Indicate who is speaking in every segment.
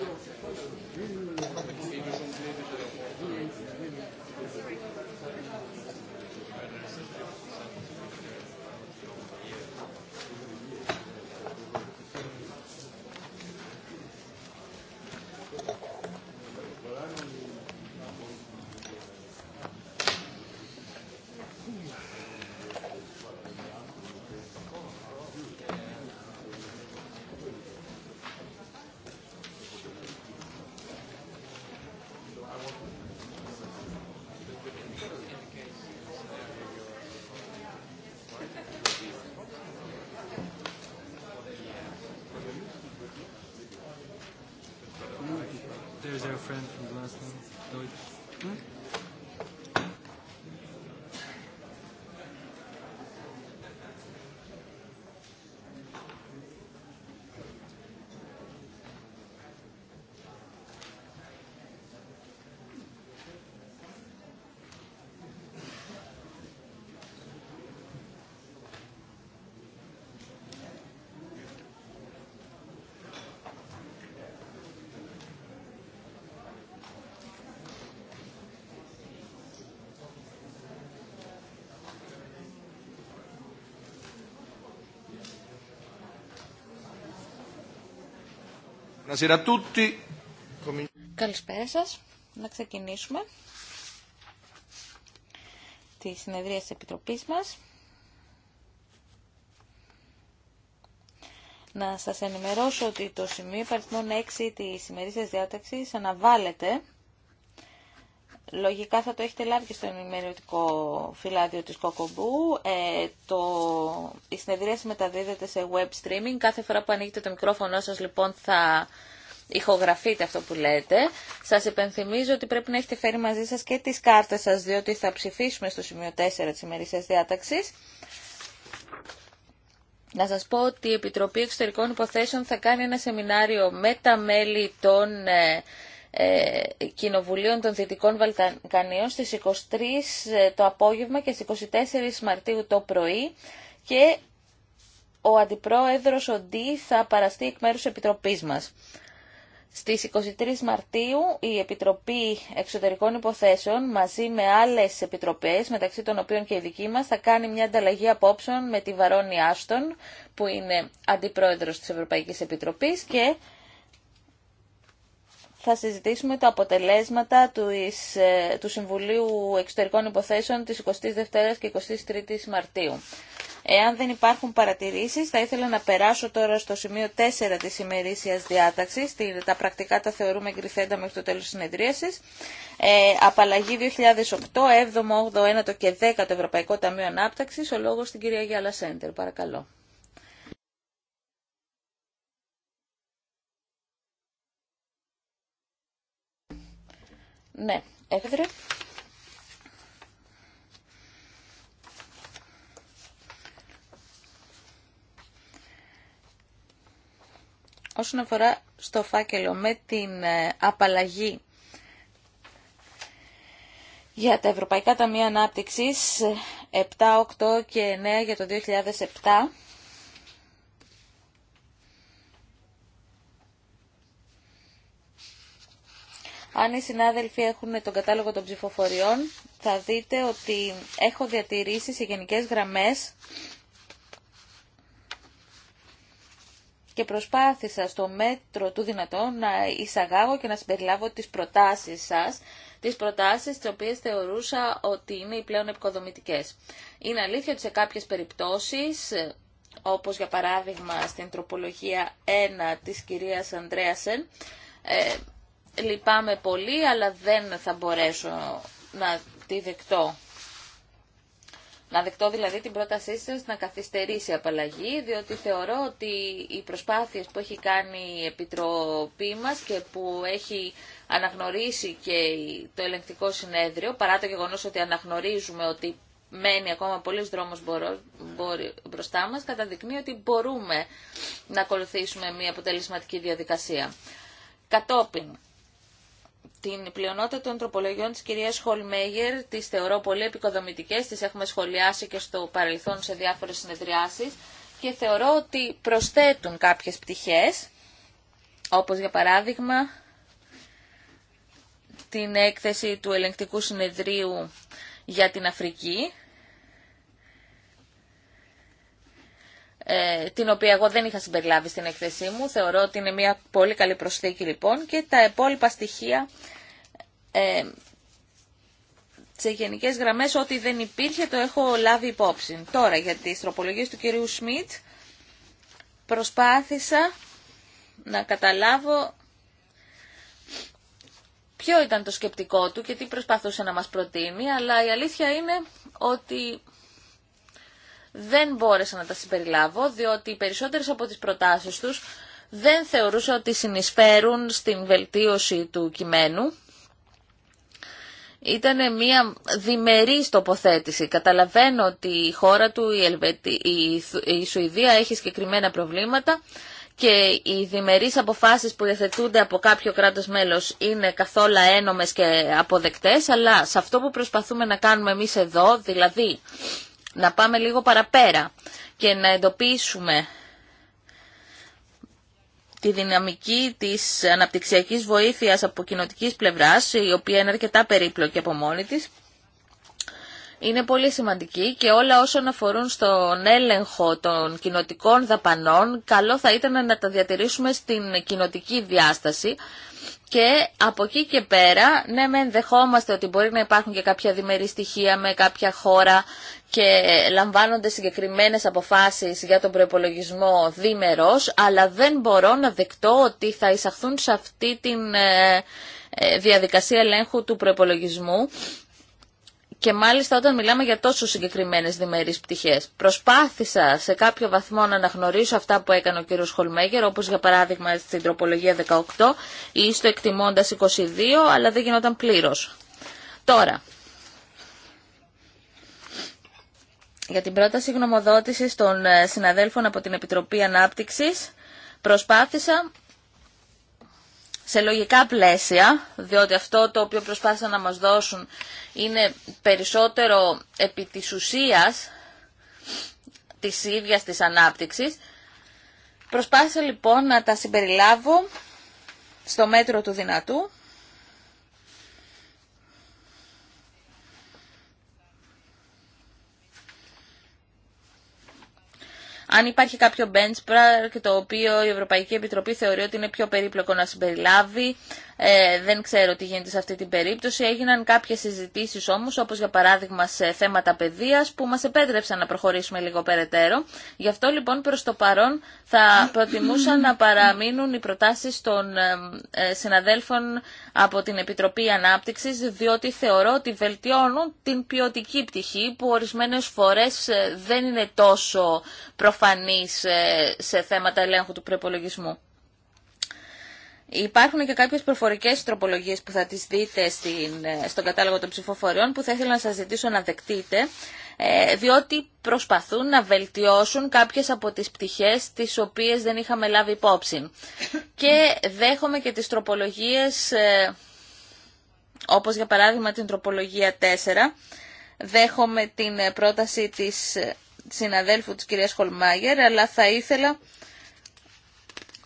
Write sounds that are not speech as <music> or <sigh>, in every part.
Speaker 1: όχι
Speaker 2: Καλησπέρα σας. Να ξεκινήσουμε τη συνεδρία της Επιτροπής μας. Να σας ενημερώσω ότι το σημείο υπαριθμών 6 της σημερινής διάταξης αναβάλλεται Λογικά θα το έχετε λάβει και στο ενημερωτικό φυλάδιο της Κοκομπού. Ε, το... Η συνεδρίαση μεταδίδεται σε web streaming. Κάθε φορά που ανοίγετε το μικρόφωνο σας λοιπόν θα ηχογραφείτε αυτό που λέτε. Σας υπενθυμίζω ότι πρέπει να έχετε φέρει μαζί σας και τις κάρτες σας διότι θα ψηφίσουμε στο σημείο 4 της ημερήσιας διάταξης. Να σας πω ότι η Επιτροπή Εξωτερικών Υποθέσεων θα κάνει ένα σεμινάριο με τα μέλη των ε, ε, Κοινοβουλίων των Δυτικών Βαλκανίων στις 23 ε, το απόγευμα και στις 24 Μαρτίου το πρωί και ο Αντιπρόεδρος Οντί θα παραστεί εκ μέρους Επιτροπής μας. Στις 23 Μαρτίου η Επιτροπή Εξωτερικών Υποθέσεων μαζί με άλλες επιτροπές, μεταξύ των οποίων και η δική μας, θα κάνει μια ανταλλαγή απόψεων με τη Βαρόνη Άστον, που είναι Αντιπρόεδρος της Ευρωπαϊκής Επιτροπής και θα συζητήσουμε τα αποτελέσματα του, ε, του Συμβουλίου Εξωτερικών Υποθέσεων της 22ης και 23ης Μαρτίου. Εάν δεν υπάρχουν παρατηρήσεις, θα ήθελα να περάσω τώρα στο σημείο 4 της ημερήσιας διάταξης. Τα πρακτικά τα θεωρούμε εγκριθέντα μέχρι το τέλος της συνεδρίασης. Ε, απαλλαγή 2008, 7ο, 8ο, 9ο και 10ο Ευρωπαϊκό Ταμείο Ανάπταξης. Ο 8 9 και 10 ο ευρωπαικο ταμειο αναπταξης ο λογος στην κυρία Γιάλα Σέντερ. Παρακαλώ. Ναι, έφευρε. Όσον αφορά στο φάκελο με την ε, απαλλαγή για τα Ευρωπαϊκά Ταμεία Ανάπτυξης 7, ε, 8 και 9 για το 2007 Αν οι συνάδελφοι έχουν τον κατάλογο των ψηφοφοριών, θα δείτε ότι έχω διατηρήσει σε γενικές γραμμές και προσπάθησα στο μέτρο του δυνατόν να εισαγάγω και να συμπεριλάβω τις προτάσεις σας, τις προτάσεις τις οποίες θεωρούσα ότι είναι οι πλέον επικοδομητικές. Είναι αλήθεια ότι σε κάποιες περιπτώσεις, όπως για παράδειγμα στην τροπολογία 1 της κυρίας Ανδρέασεν, ε, λυπάμαι πολύ, αλλά δεν θα μπορέσω να τη δεκτώ. Να δεκτώ δηλαδή την πρότασή σας να καθυστερήσει η απαλλαγή, διότι θεωρώ ότι οι προσπάθειες που έχει κάνει η Επιτροπή μας και που έχει αναγνωρίσει και το ελεγκτικό συνέδριο, παρά το γεγονός ότι αναγνωρίζουμε ότι μένει ακόμα πολλής δρόμος μπροστά μας, καταδεικνύει ότι μπορούμε να ακολουθήσουμε μια αποτελεσματική διαδικασία. Κατόπιν, την πλειονότητα των τροπολογιών της κυρίας Χολμέγερ τις θεωρώ πολύ επικοδομητικές, τις έχουμε σχολιάσει και στο παρελθόν σε διάφορες συνεδριάσεις και θεωρώ ότι προσθέτουν κάποιες πτυχές, όπως για παράδειγμα την έκθεση του ελεγκτικού συνεδρίου για την Αφρική, Ε, την οποία εγώ δεν είχα συμπεριλάβει στην εκθεσή μου. Θεωρώ ότι είναι μια πολύ καλή προσθήκη λοιπόν και τα υπόλοιπα στοιχεία ε, σε γενικέ γραμμές ό,τι δεν υπήρχε το έχω λάβει υπόψη. Τώρα για τις τροπολογίες του κυρίου Σμιτ προσπάθησα να καταλάβω ποιο ήταν το σκεπτικό του και τι προσπαθούσε να μας προτείνει αλλά η αλήθεια είναι ότι δεν μπόρεσα να τα συμπεριλάβω, διότι οι περισσότερες από τις προτάσεις τους δεν θεωρούσα ότι συνεισφέρουν στην βελτίωση του κειμένου. Ήταν μια διμερή τοποθέτηση. Καταλαβαίνω ότι η χώρα του, η, η Σουηδία έχει συγκεκριμένα προβλήματα και οι διμερείς αποφάσεις που διαθετούνται από κάποιο κράτος μέλος είναι καθόλου ένομες και αποδεκτές, αλλά σε αυτό που προσπαθούμε να κάνουμε εμείς εδώ, δηλαδή να πάμε λίγο παραπέρα και να εντοπίσουμε τη δυναμική της αναπτυξιακής βοήθειας από κοινοτικής πλευράς, η οποία είναι αρκετά περίπλοκη από μόνη της, είναι πολύ σημαντική και όλα όσον αφορούν στον έλεγχο των κοινοτικών δαπανών, καλό θα ήταν να τα διατηρήσουμε στην κοινοτική διάσταση και από εκεί και πέρα, ναι με ενδεχόμαστε ότι μπορεί να υπάρχουν και κάποια διμερή στοιχεία με κάποια χώρα και λαμβάνονται συγκεκριμένες αποφάσεις για τον προπολογισμό δίμερος, αλλά δεν μπορώ να δεκτώ ότι θα εισαχθούν σε αυτή τη ε, ε, διαδικασία ελέγχου του προπολογισμού και μάλιστα όταν μιλάμε για τόσο συγκεκριμένες διμερείς πτυχές. Προσπάθησα σε κάποιο βαθμό να αναγνωρίσω αυτά που έκανε ο κ. Χολμέγερ, όπως για παράδειγμα στην τροπολογία 18 ή στο εκτιμώντας 22, αλλά δεν γινόταν πλήρως. Τώρα, για την πρόταση γνωμοδότησης των ε, συναδέλφων από την Επιτροπή Ανάπτυξης. Προσπάθησα σε λογικά πλαίσια, διότι αυτό το οποίο προσπάθησαν να μας δώσουν είναι περισσότερο επί της ουσίας της ίδιας της ανάπτυξης. Προσπάθησα λοιπόν να τα συμπεριλάβω στο μέτρο του δυνατού αν υπάρχει κάποιο benchmark το οποίο η Ευρωπαϊκή Επιτροπή θεωρεί ότι είναι πιο περίπλοκο να συμπεριλάβει, ε, δεν ξέρω τι γίνεται σε αυτή την περίπτωση. Έγιναν κάποιες συζητήσεις όμως, όπως για παράδειγμα σε θέματα παιδείας, που μας επέτρεψαν να προχωρήσουμε λίγο περαιτέρω. Γι' αυτό λοιπόν προς το παρόν θα προτιμούσα να παραμείνουν οι προτάσεις των ε, ε, συναδέλφων από την Επιτροπή Ανάπτυξης, διότι θεωρώ ότι βελτιώνουν την ποιοτική πτυχή που ορισμένες φορές ε, δεν είναι τόσο προφανής σε θέματα ελέγχου του προπολογισμού. Υπάρχουν και κάποιες προφορικές τροπολογίες που θα τις δείτε στην, στον κατάλογο των ψηφοφοριών που θα ήθελα να σας ζητήσω να δεκτείτε ε, διότι προσπαθούν να βελτιώσουν κάποιες από τις πτυχές τις οποίες δεν είχαμε λάβει υπόψη. Και δέχομαι και τις τροπολογίες, ε, όπως για παράδειγμα την τροπολογία 4, δέχομαι την πρόταση της συναδέλφου της κυρίας Χολμάγερ, αλλά θα ήθελα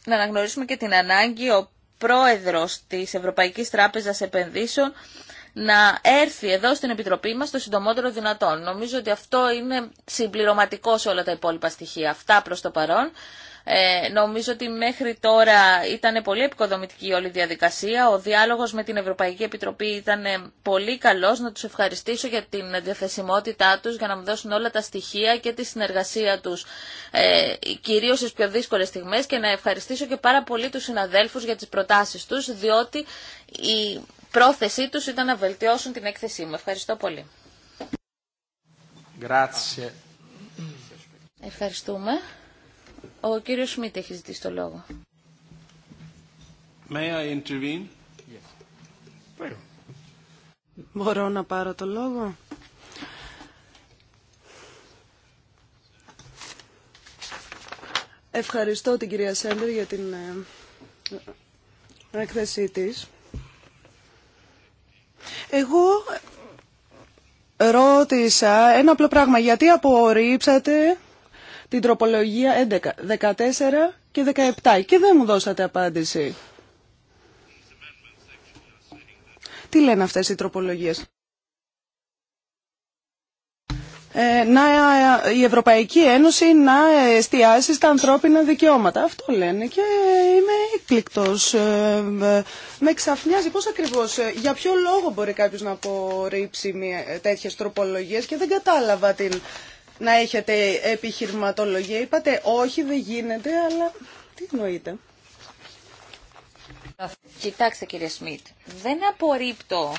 Speaker 2: να αναγνωρίσουμε και την ανάγκη ο πρόεδρος της Ευρωπαϊκής Τράπεζας Επενδύσεων να έρθει εδώ στην Επιτροπή μας το συντομότερο δυνατόν. Νομίζω ότι αυτό είναι συμπληρωματικό σε όλα τα υπόλοιπα στοιχεία. Αυτά προς το παρόν. Ε, νομίζω ότι μέχρι τώρα ήταν πολύ επικοδομητική όλη η διαδικασία. Ο διάλογος με την Ευρωπαϊκή Επιτροπή ήταν ε, πολύ καλός. Να τους ευχαριστήσω για την διαθεσιμότητά τους, για να μου δώσουν όλα τα στοιχεία και τη συνεργασία τους, ε, κυρίως στις πιο δύσκολες στιγμές και να ευχαριστήσω και πάρα πολύ τους συναδέλφους για τις προτάσεις τους, διότι η πρόθεσή τους ήταν να βελτιώσουν την έκθεσή μου. Ευχαριστώ πολύ. Ευχαριστούμε. Ο κύριος Σμίτ έχει ζητήσει το λόγο.
Speaker 1: Μπορώ να πάρω το λόγο. Ευχαριστώ την κυρία Σέντερ για την ε, έκθεσή της. Εγώ ρώτησα ένα απλό πράγμα. Γιατί απορρίψατε την τροπολογία 11, 14 και 17 και δεν μου δώσατε απάντηση. Τι λένε αυτές οι τροπολογίες. Ε, να, η Ευρωπαϊκή Ένωση να εστιάσει στα ανθρώπινα δικαιώματα. Αυτό λένε και είμαι έκπληκτος. Ε, ε, με ξαφνιάζει πώς ακριβώς, ε, για ποιο λόγο μπορεί κάποιος να απορρίψει τέτοιες τροπολογίες και δεν κατάλαβα την να έχετε επιχειρηματολογία. Είπατε όχι, δεν γίνεται, αλλά τι εννοείτε.
Speaker 2: Κοιτάξτε κύριε Σμιτ, δεν απορρίπτω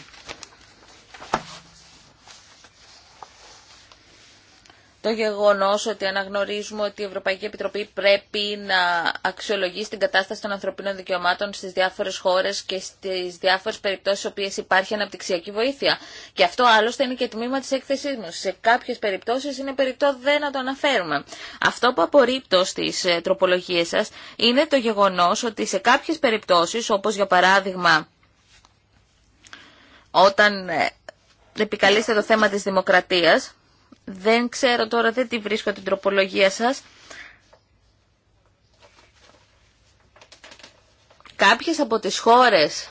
Speaker 2: το γεγονός ότι αναγνωρίζουμε ότι η Ευρωπαϊκή Επιτροπή πρέπει να αξιολογήσει την κατάσταση των ανθρωπίνων δικαιωμάτων στις διάφορες χώρες και στις διάφορες περιπτώσεις στις οποίες υπάρχει αναπτυξιακή βοήθεια. Και αυτό άλλωστε είναι και τμήμα της έκθεσής μου. Σε κάποιες περιπτώσεις είναι περιπτώ δεν να το αναφέρουμε. Αυτό που απορρίπτω στις ε, τροπολογίες σας είναι το γεγονός ότι σε κάποιες περιπτώσεις, όπως για παράδειγμα όταν ε, επικαλείστε το θέμα της δημοκρατίας, δεν ξέρω τώρα, δεν τη βρίσκω την τροπολογία σας. Κάποιες από τις χώρες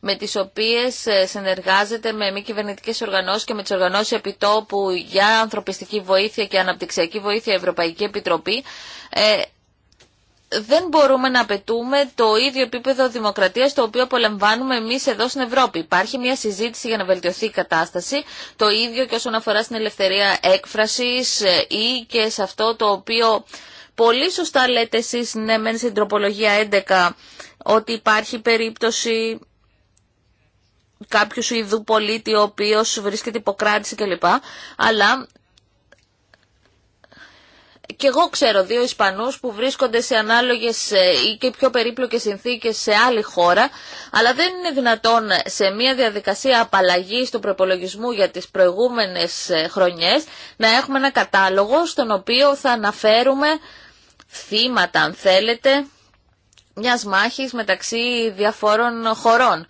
Speaker 2: με τις οποίες ε, συνεργάζεται με μη κυβερνητικέ οργανώσεις και με τις οργανώσεις επιτόπου για ανθρωπιστική βοήθεια και αναπτυξιακή βοήθεια Ευρωπαϊκή Επιτροπή, ε, δεν μπορούμε να απαιτούμε το ίδιο επίπεδο δημοκρατίας το οποίο απολαμβάνουμε εμείς εδώ στην Ευρώπη. Υπάρχει μια συζήτηση για να βελτιωθεί η κατάσταση, το ίδιο και όσον αφορά στην ελευθερία έκφρασης ε, ή και σε αυτό το οποίο πολύ σωστά λέτε εσείς, ναι, μεν στην τροπολογία 11, ότι υπάρχει περίπτωση κάποιου είδου πολίτη ο οποίος βρίσκεται υποκράτηση κλπ. Αλλά και εγώ ξέρω δύο Ισπανούς που βρίσκονται σε ανάλογες ε, ή και πιο περίπλοκες συνθήκες σε άλλη χώρα, αλλά δεν είναι δυνατόν σε μια διαδικασία απαλλαγής του προπολογισμού για τις προηγούμενες ε, χρονιές να έχουμε ένα κατάλογο στον οποίο θα αναφέρουμε θύματα, αν θέλετε, μιας μάχης μεταξύ διαφόρων χωρών.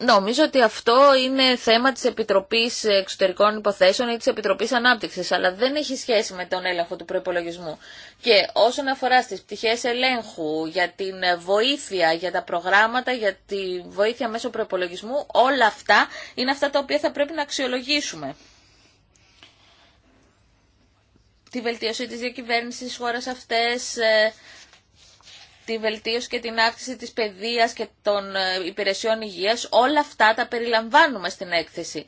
Speaker 2: Νομίζω ότι αυτό είναι θέμα της Επιτροπής Εξωτερικών Υποθέσεων ή της Επιτροπής Ανάπτυξης, αλλά δεν έχει σχέση με τον έλεγχο του προϋπολογισμού. Και όσον αφορά στις πτυχές ελέγχου, για την βοήθεια, για τα προγράμματα, για τη βοήθεια μέσω προϋπολογισμού, όλα αυτά είναι αυτά τα οποία θα πρέπει να αξιολογήσουμε. Τη βελτίωση της διακυβέρνησης στις χώρες αυτές, ε, τη βελτίωση και την αύξηση της παιδείας και των ε, υπηρεσιών υγείας, όλα αυτά τα περιλαμβάνουμε στην έκθεση.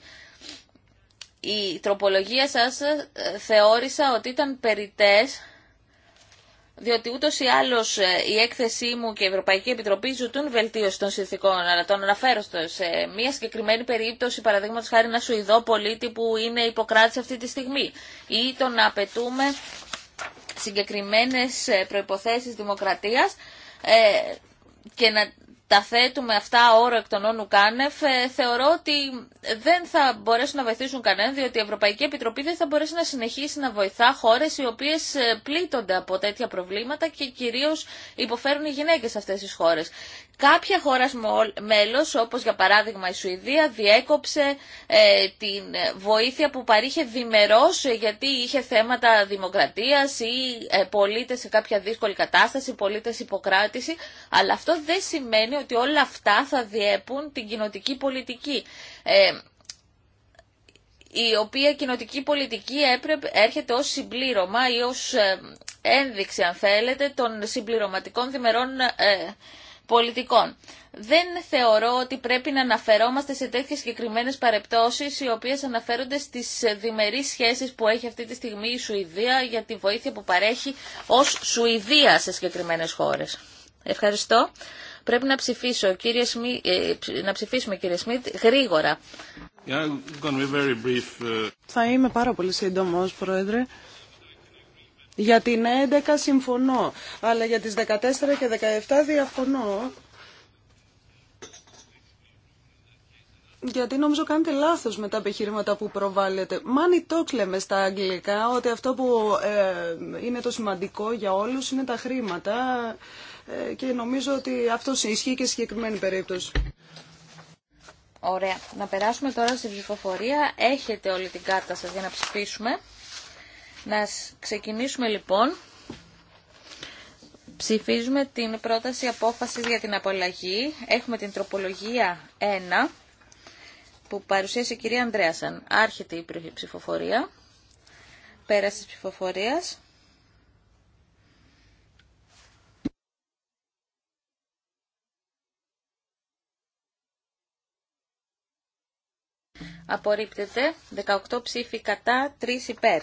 Speaker 2: Η τροπολογία σας ε, θεώρησα ότι ήταν περιτές, διότι ούτως ή άλλως ε, η έκθεσή μου και η Ευρωπαϊκή Επιτροπή ζητούν βελτίωση των συνθηκών, αλλά τον αναφέρω στο σε μια συγκεκριμένη περίπτωση, παραδείγματο χάρη ένα Σουηδό πολίτη που είναι υποκράτηση αυτή τη στιγμή, ή το να απαιτούμε συγκεκριμένες ε, προϋποθέσεις δημοκρατίας ε, και να τα θέτουμε αυτά όρο εκ των όνου κάνευ, ε, θεωρώ ότι δεν θα μπορέσουν να βοηθήσουν κανέναν, διότι η Ευρωπαϊκή Επιτροπή δεν θα μπορέσει να συνεχίσει να βοηθά χώρες οι οποίες πλήττονται από τέτοια προβλήματα και κυρίως υποφέρουν οι γυναίκες σε αυτέ τι χώρε. Κάποια χώρα μέλος, όπως για παράδειγμα η Σουηδία, διέκοψε ε, την βοήθεια που παρήχε θέματα δημοκρατίας ή πολίτες γιατί είχε θέματα δημοκρατίας ή ε, πολίτες σε κάποια δύσκολη κατάσταση, πολίτες υποκράτηση, αλλά αυτό δεν σημαίνει ότι όλα αυτά θα διέπουν την κοινοτική πολιτική. Ε, η οποία κοινοτική πολιτική έπρεπε, έρχεται ως συμπλήρωμα ή ως ε, ένδειξη, αν θέλετε, των συμπληρωματικών διμερών ε, πολιτικών. Δεν θεωρώ ότι πρέπει να αναφερόμαστε σε τέτοιες συγκεκριμένες παρεπτώσεις οι οποίες αναφέρονται στις διμερείς σχέσεις που έχει αυτή τη στιγμή η Σουηδία για τη βοήθεια που παρέχει ως Σουηδία σε συγκεκριμένες χώρες. Ευχαριστώ. Πρέπει να, ψηφίσω, κύριε ε, να ψηφίσουμε κύριε Σμιτ γρήγορα.
Speaker 3: Ε.
Speaker 1: Θα είμαι πάρα πολύ σύντομος, Πρόεδρε. Για την 11 συμφωνώ, αλλά για τις 14 και 17 διαφωνώ. γιατί νομίζω κάνετε λάθος με τα επιχείρηματα που προβάλλετε. Money talk λέμε στα αγγλικά, ότι αυτό που ε, είναι το σημαντικό για όλους είναι τα χρήματα ε, και νομίζω ότι αυτό ισχύει και σε συγκεκριμένη περίπτωση.
Speaker 2: Ωραία. Να περάσουμε τώρα στην ψηφοφορία. Έχετε όλη την κάρτα σας για να ψηφίσουμε. Να ξεκινήσουμε λοιπόν. Ψηφίζουμε την πρόταση απόφαση για την απολαγή. Έχουμε την τροπολογία 1 που παρουσίασε η κυρία Ανδρέασαν. Άρχεται η ψηφοφορία. Πέραση της ψηφοφορίας. Απορρίπτεται 18 ψήφοι κατά 3 υπέρ.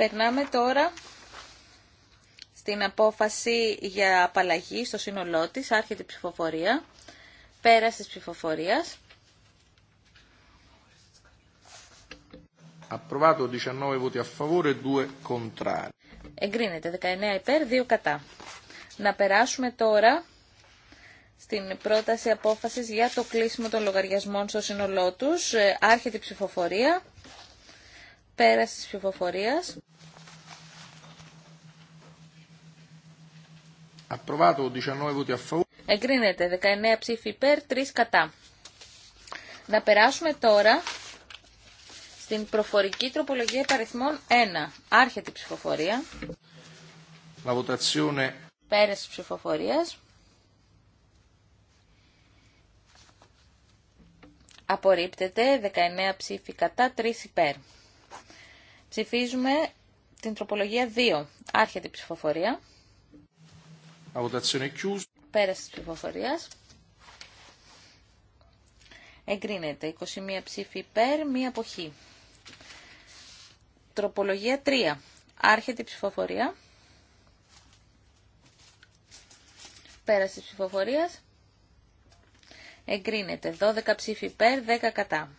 Speaker 2: Περνάμε τώρα στην απόφαση για απαλλαγή στο σύνολό της, άρχεται η ψηφοφορία, πέρας της ψηφοφορίας.
Speaker 1: 19 voti 2 contrari.
Speaker 2: Εγκρίνεται 19 υπέρ, 2 κατά. Να περάσουμε τώρα στην πρόταση απόφασης για το κλείσιμο των λογαριασμών στο σύνολό τους. Ε, άρχεται η ψηφοφορία. Πέραση της ψηφοφορίας. Εγκρίνεται 19 ψήφοι υπέρ, 3 κατά. Να περάσουμε τώρα στην προφορική τροπολογία υπαριθμών 1. Άρχεται η ψηφοφορία.
Speaker 1: La votazione...
Speaker 2: Πέραση ψηφοφορίας. Απορρίπτεται 19 ψήφοι κατά, 3 υπέρ. Ψηφίζουμε την τροπολογία 2. Άρχεται η ψηφοφορία. Πέραση της ψηφοφορίας. Εγκρίνεται. 21 ψήφοι υπέρ, μία αποχή. Τροπολογία 3. Άρχεται η ψηφοφορία. Πέραση της ψηφοφορίας. Εγκρίνεται. 12 ψήφοι υπέρ, 10 κατά.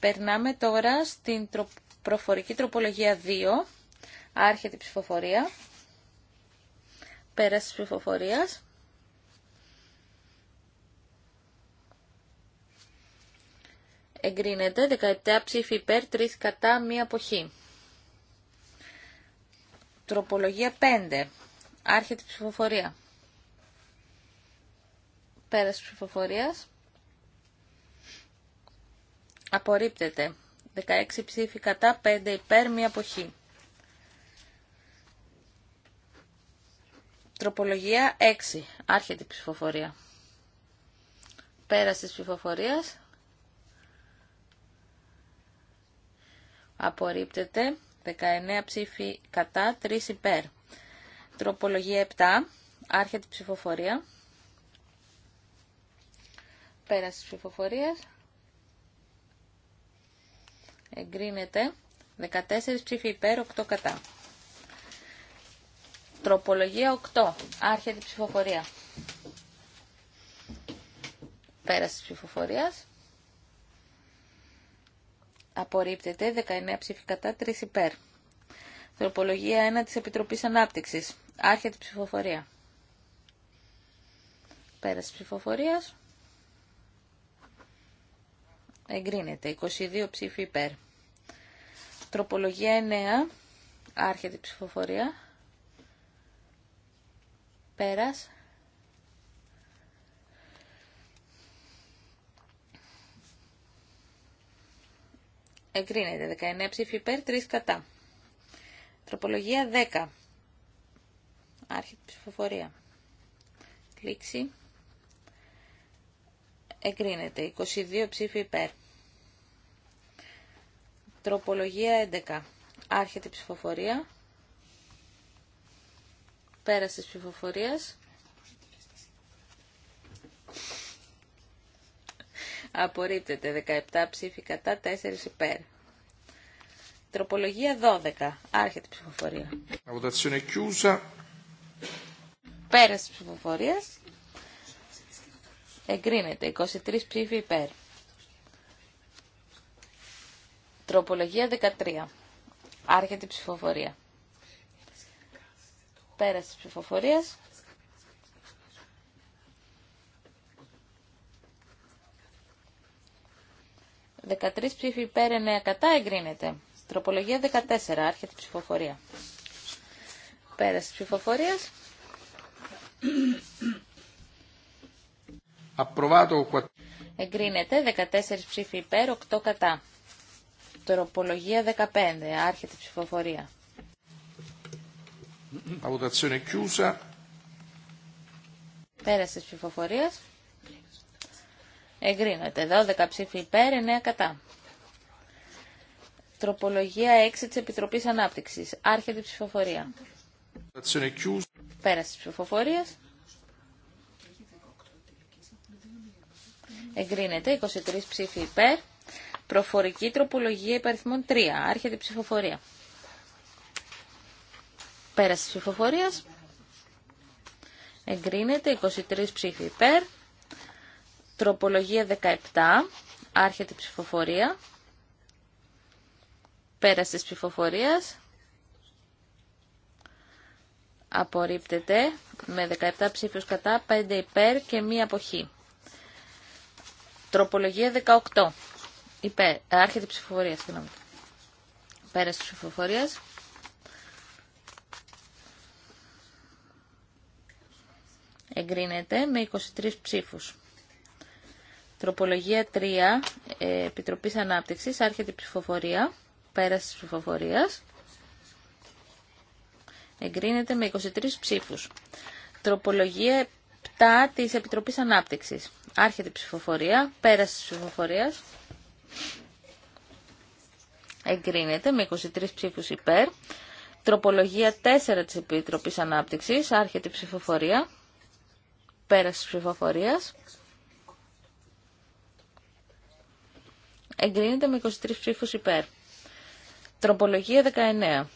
Speaker 2: Περνάμε τώρα στην τροπολογία Προφορική τροπολογία 2. Άρχεται η ψηφοφορία. Πέραση της ψηφοφορίας. Εγκρίνεται 17 ψήφοι υπέρ, 3 κατά, μία αποχή. Τροπολογία 5. Άρχεται η ψηφοφορία. Πέραση ψηφοφορίας. Απορρίπτεται. 16 ψήφοι κατά, 5 υπέρ, μία αποχή. Τροπολογία 6. Άρχεται η ψηφοφορία. Πέραση της ψηφοφορίας. Απορρίπτεται. 19 ψήφοι κατά, 3 υπέρ. Τροπολογία 7. Άρχεται η ψηφοφορία. Πέραση της ψηφοφορίας εγκρίνεται 14 ψήφοι υπέρ, 8 κατά. Τροπολογία 8. Άρχεται ψηφοφορία. Πέραση ψηφοφορίας. Απορρίπτεται 19 ψήφοι κατά, 3 υπέρ. Τροπολογία 1 της Επιτροπής Ανάπτυξης. Άρχεται ψηφοφορία. Πέραση ψηφοφορίας. Εγκρίνεται. 22 ψήφοι υπέρ. Τροπολογία 9. Άρχεται η ψηφοφορία. Πέρας. Εγκρίνεται. 19 ψήφοι υπέρ, 3 κατά. Τροπολογία 10. Άρχεται η ψηφοφορία. Λήξη εγκρίνεται. 22 ψήφοι υπέρ. Τροπολογία 11. Άρχεται η ψηφοφορία. Πέρας της ψηφοφορίας. Απορρίπτεται 17 ψήφοι κατά 4 υπέρ. Τροπολογία 12. Άρχεται η ψηφοφορία. Πέρας της ψηφοφορίας. Εγκρίνεται. 23 ψήφοι υπέρ. Τροπολογία 13. Άρχεται η ψηφοφορία. Πέραση της ψηφοφορίας. 13 ψήφοι υπέρ, 9 κατά, εγκρίνεται. Τροπολογία 14, άρχεται η ψηφοφορία. Πέραση της ψηφοφορίας. Εγκρίνεται 14 ψήφοι υπέρ, 8 κατά. Τροπολογία 15. Άρχεται η ψηφοφορία. Πέρασε ψηφοφορία. Εγκρίνεται 12 ψήφοι υπέρ, 9 κατά. Τροπολογία 6 της Επιτροπής Ανάπτυξης. Άρχεται η ψηφοφορία. Πέρασε ψηφοφορίας. εγκρίνεται 23 ψήφοι υπέρ. Προφορική τροπολογία υπαριθμών 3. Άρχεται η ψηφοφορία. Πέραση της ψηφοφορίας. Εγκρίνεται 23 ψήφοι υπέρ. Τροπολογία 17. Άρχεται η ψηφοφορία. Πέραση της ψηφοφορίας. Απορρίπτεται με 17 ψήφους κατά, 5 υπέρ και μία αποχή. Τροπολογία 18. Ε, άρχεται η ψηφοφορία, συγγνώμη. Πέρα τη ψηφοφορία. Εγκρίνεται με 23 ψήφους. Τροπολογία 3. Ε, επιτροπή Ανάπτυξης. Άρχεται η ψηφοφορία. Πέρα τη ψηφοφορία. Εγκρίνεται με 23 ψήφους. Τροπολογία 7 της Επιτροπής Ανάπτυξης. Άρχεται η ψηφοφορία, πέραση της ψηφοφορίας. Εγκρίνεται με 23 ψήφους υπέρ. Τροπολογία 4 τη Επιτροπής ανάπτυξη. άρχεται η ψηφοφορία, πέραση της ψηφοφορίας. Εγκρίνεται με 23 ψήφους υπέρ. Τροπολογία 19.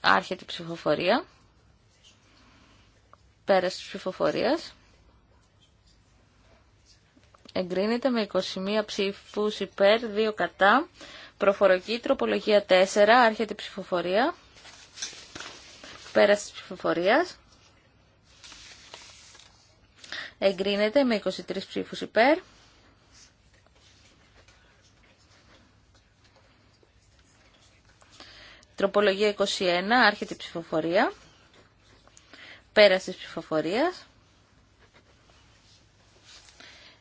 Speaker 2: Άρχεται η ψηφοφορία. Πέραση τη ψηφοφορίας εγκρίνεται με 21 ψήφους υπέρ, 2 κατά. Προφορική τροπολογία 4, άρχεται η ψηφοφορία. Πέραση τη ψηφοφορίας. Εγκρίνεται με 23 ψήφους υπέρ. Τροπολογία 21, άρχεται η ψηφοφορία. Πέραση τη ψηφοφορίας.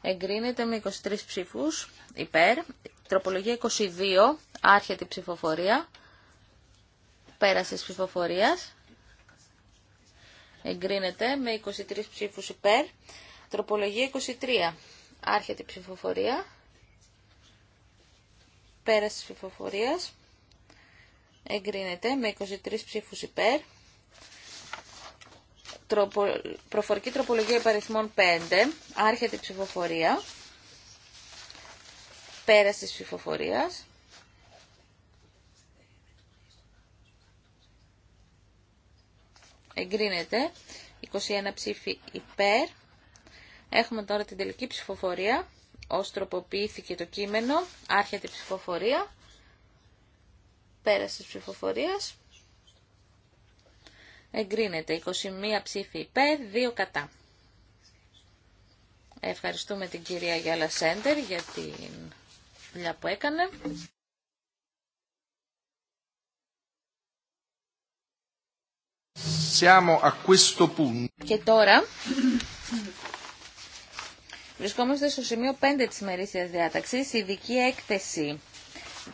Speaker 2: Εγκρίνεται με 23 ψήφους υπέρ. Τροπολογία 22, άρχεται ψηφοφορία. Πέρασε ψηφοφορίας. Εγκρίνεται με 23 ψήφους υπέρ. Τροπολογία 23, άρχεται η ψηφοφορία. Πέρασης ψηφοφορίας. Εγκρίνεται με 23 ψήφους υπέρ τροπο, προφορική τροπολογία υπαριθμών 5, άρχεται η ψηφοφορία, Πέραση της ψηφοφορίας. Εγκρίνεται 21 ψηφί υπέρ. Έχουμε τώρα την τελική ψηφοφορία. Ως τροποποιήθηκε το κείμενο, άρχεται η ψηφοφορία, πέρασε της ψηφοφορίας. Εγκρίνεται 21 ψήφοι υπέρ, 2 κατά. Ευχαριστούμε την κυρία Γιάλα Σέντερ για την δουλειά που έκανε. Και τώρα βρισκόμαστε στο σημείο 5 της μερίσιας διάταξης, ειδική έκθεση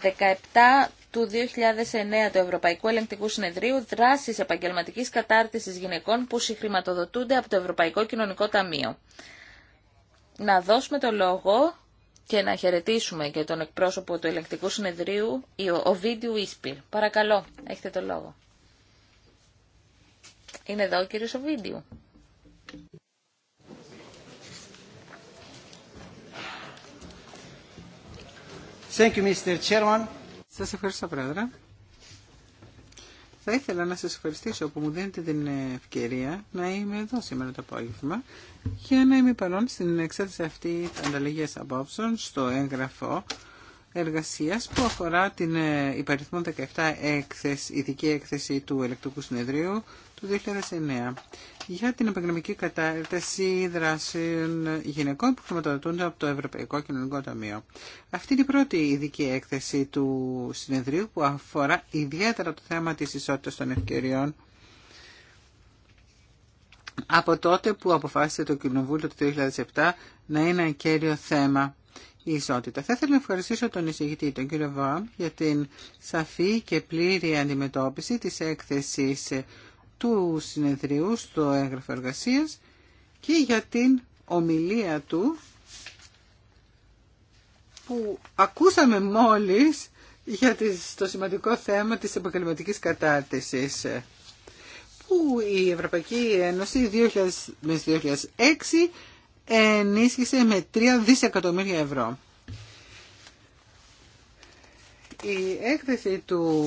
Speaker 2: 17 του 2009 του Ευρωπαϊκού Ελεγκτικού Συνεδρίου δράσεις επαγγελματικής κατάρτισης γυναικών που συγχρηματοδοτούνται από το Ευρωπαϊκό Κοινωνικό Ταμείο. Να δώσουμε το λόγο και να χαιρετήσουμε και τον εκπρόσωπο του Ελεγκτικού Συνεδρίου, ο Βίντιου Ίσπυρ. Παρακαλώ, έχετε το λόγο. Είναι εδώ ο κύριος Οβίντιου.
Speaker 3: Thank you, Mr. Σας ευχαριστώ πρόεδρε. Θα ήθελα να σας ευχαριστήσω που μου δίνετε την ευκαιρία να είμαι εδώ σήμερα το απόγευμα για να είμαι παρόν στην εξέταση αυτή ανταλλαγής απόψεων στο έγγραφο εργασίας που αφορά την ε, υπαριθμό 17 έκθεση, ειδική έκθεση του Ελεκτρικού Συνεδρίου του 2009 για την επαγγελματική κατάρτιση δράσεων γυναικών που χρηματοδοτούνται από το Ευρωπαϊκό Κοινωνικό Ταμείο. Αυτή είναι η πρώτη ειδική έκθεση του συνεδρίου που αφορά ιδιαίτερα το θέμα της ισότητας των ευκαιριών από τότε που αποφάσισε το Κοινοβούλιο του 2007 να είναι ένα κέριο θέμα η ισότητα. Θα ήθελα να ευχαριστήσω τον εισηγητή, τον κύριο Βαμ, για την σαφή και πλήρη αντιμετώπιση της έκθεσης του συνεδρίου στο έγγραφο εργασία και για την ομιλία του που ακούσαμε μόλις για το σημαντικό θέμα της επαγγελματικής κατάρτισης που η Ευρωπαϊκή Ένωση με 2006 ενίσχυσε με 3 δισεκατομμύρια ευρώ. Η έκθεση του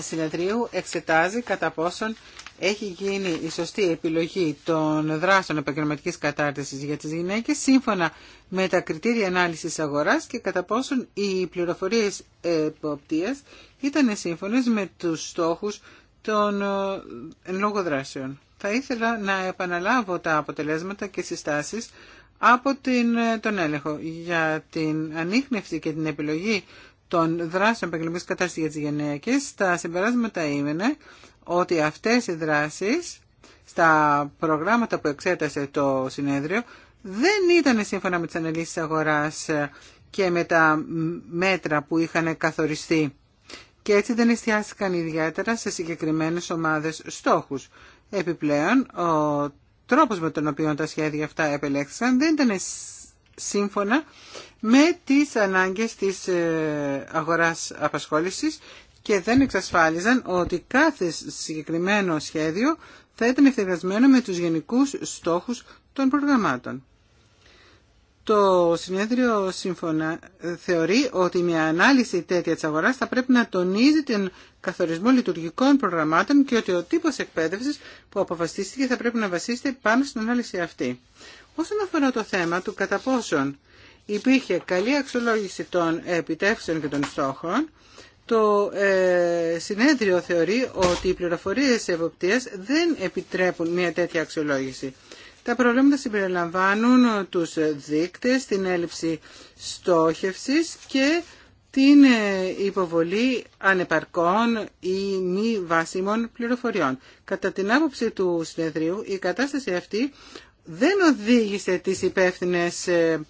Speaker 3: συνεδρίου εξετάζει κατά πόσον έχει γίνει η σωστή επιλογή των δράσεων επαγγελματική κατάρτισης για τις γυναίκες σύμφωνα με τα κριτήρια ανάλυσης αγοράς και κατά πόσον οι πληροφορίες εποπτείας ήταν σύμφωνες με τους στόχους των ε, εν λόγω Θα ήθελα να επαναλάβω τα αποτελέσματα και συστάσεις από την, ε, τον έλεγχο για την ανείχνευση και την επιλογή των δράσεων επαγγελματική κατάσταση για τι γυναίκε, τα συμπεράσματα είναι ότι αυτέ οι δράσει στα προγράμματα που εξέτασε το συνέδριο δεν ήταν σύμφωνα με τις αναλύσεις αγοράς και με τα μέτρα που είχαν καθοριστεί και έτσι δεν εστιάστηκαν ιδιαίτερα σε συγκεκριμένες ομάδες στόχους. Επιπλέον, ο τρόπος με τον οποίο τα σχέδια αυτά επελέξαν δεν ήταν σύμφωνα με τις ανάγκες της ε, αγοράς απασχόλησης και δεν εξασφάλιζαν ότι κάθε συγκεκριμένο σχέδιο θα ήταν ευθυγρασμένο με τους γενικούς στόχους των προγραμμάτων. Το συνέδριο σύμφωνα θεωρεί ότι μια ανάλυση τέτοια της αγοράς θα πρέπει να τονίζει τον καθορισμό λειτουργικών προγραμμάτων και ότι ο τύπος εκπαίδευσης που αποφασίστηκε θα πρέπει να βασίζεται πάνω στην ανάλυση αυτή. Όσον αφορά το θέμα του κατά πόσον υπήρχε καλή αξιολόγηση των επιτεύξεων και των στόχων, το ε, συνέδριο θεωρεί ότι οι πληροφορίες εποπτείας δεν επιτρέπουν μια τέτοια αξιολόγηση. Τα προβλήματα συμπεριλαμβάνουν τους δείκτες, την έλλειψη στόχευσης και την ε, υποβολή ανεπαρκών ή μη βάσιμων πληροφοριών. Κατά την άποψη του συνεδρίου, η κατάσταση αυτή δεν οδήγησε τις υπεύθυνες ε,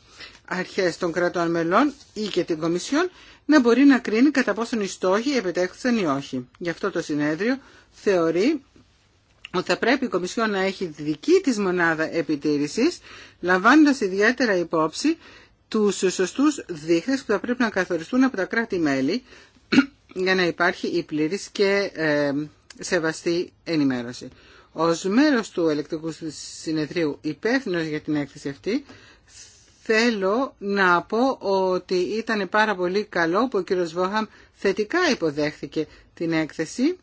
Speaker 3: αρχές των κρατών μελών ή και την Κομισιόν να μπορεί να κρίνει κατά πόσον οι στόχοι επιτέχθησαν ή όχι. Γι' αυτό το συνέδριο θεωρεί ότι θα πρέπει η Κομισιόν να έχει δική της μονάδα επιτήρησης, λαμβάνοντας ιδιαίτερα υπόψη τους σωστούς δείχτες που θα πρέπει να καθοριστούν από τα κράτη-μέλη <clears throat> για να υπάρχει η πλήρης και ε, σεβαστή ενημέρωση. Ως μέρος του ελεκτικού συνεδρίου υπεύθυνο για την έκθεση αυτή, θέλω να πω ότι ήταν πάρα πολύ καλό που ο κύριος Βόχαμ θετικά υποδέχθηκε την έκθεση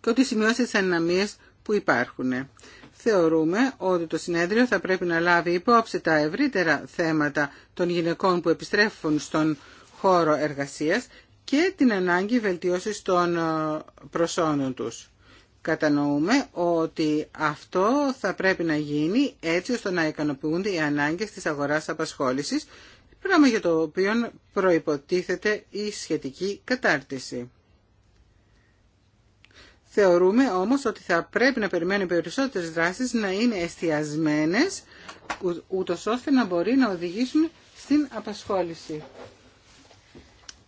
Speaker 3: και ότι σημειώσει τις αναμίες που υπάρχουν. Θεωρούμε ότι το συνέδριο θα πρέπει να λάβει υπόψη τα ευρύτερα θέματα των γυναικών που επιστρέφουν στον χώρο εργασίας και την ανάγκη βελτίωσης των ε, προσώνων τους κατανοούμε ότι αυτό θα πρέπει να γίνει έτσι ώστε να ικανοποιούνται οι ανάγκες της αγοράς απασχόλησης, πράγμα για το οποίο προϋποτίθεται η σχετική κατάρτιση. Θεωρούμε όμως ότι θα πρέπει να περιμένουν περισσότερες δράσεις να είναι εστιασμένες, ούτως ώστε να μπορεί να οδηγήσουν στην απασχόληση.